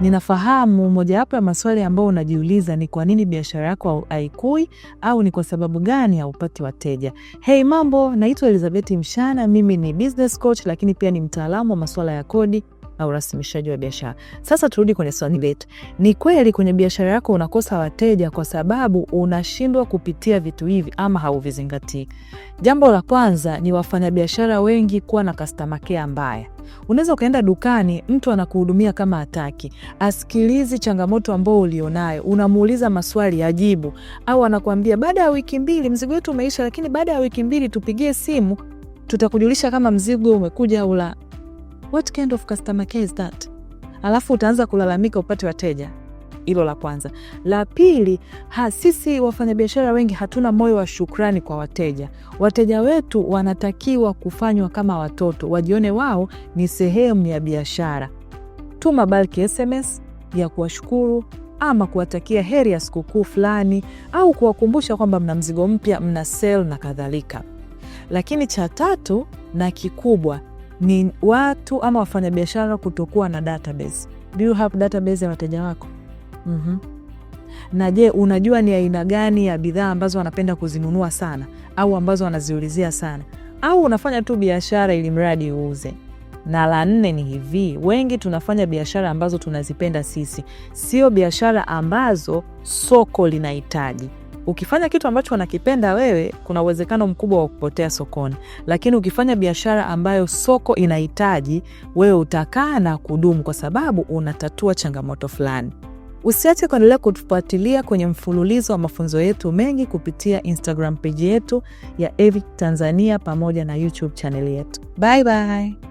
Ninafahamu mojawapo ya maswali ambayo unajiuliza ni kwa nini biashara yako haikui au ni kwa sababu gani haupati wateja. Hey, mambo, naitwa Elizabeth Mshana, mimi ni business coach lakini pia ni mtaalamu wa masuala ya kodi na urasimishaji wa biashara. Sasa turudi kwenye swali letu. Ni kweli kwenye biashara yako unakosa wateja kwa sababu unashindwa kupitia vitu hivi ama hauvizingatii. Jambo la kwanza ni wafanyabiashara wengi kuwa na customer care mbaya. Unaweza ukaenda dukani, mtu anakuhudumia kama hataki, asikilizi changamoto ambao ulionayo, unamuuliza maswali ajibu, au anakuambia baada ya wiki mbili mzigo wetu umeisha, lakini baada ya wiki mbili tupigie simu, tutakujulisha kama mzigo umekuja au la. What kind of customer care is that? Alafu utaanza kulalamika upate wateja. Hilo la kwanza. La pili, ha, sisi wafanyabiashara wengi hatuna moyo wa shukrani kwa wateja. Wateja wetu wanatakiwa kufanywa kama watoto, wajione wao ni sehemu ya biashara. Tuma bulk SMS ya kuwashukuru ama kuwatakia heri ya sikukuu fulani au kuwakumbusha kwamba mna mzigo mpya, mna sale na kadhalika. Lakini cha tatu na kikubwa ni watu ama wafanyabiashara kutokuwa na database. Do you have database ya wateja wako? mm -hmm. Na je, unajua ni aina gani ya bidhaa ambazo wanapenda kuzinunua sana au ambazo wanaziulizia sana, au unafanya tu biashara ili mradi uuze? Na la nne ni hivi, wengi tunafanya biashara ambazo tunazipenda sisi, sio biashara ambazo soko linahitaji. Ukifanya kitu ambacho unakipenda wewe, kuna uwezekano mkubwa wa kupotea sokoni, lakini ukifanya biashara ambayo soko inahitaji, wewe utakaa na kudumu, kwa sababu unatatua changamoto fulani. Usiache kuendelea kutufuatilia kwenye mfululizo wa mafunzo yetu mengi kupitia Instagram page yetu ya Evik Tanzania pamoja na YouTube chaneli yetu. Bye bye.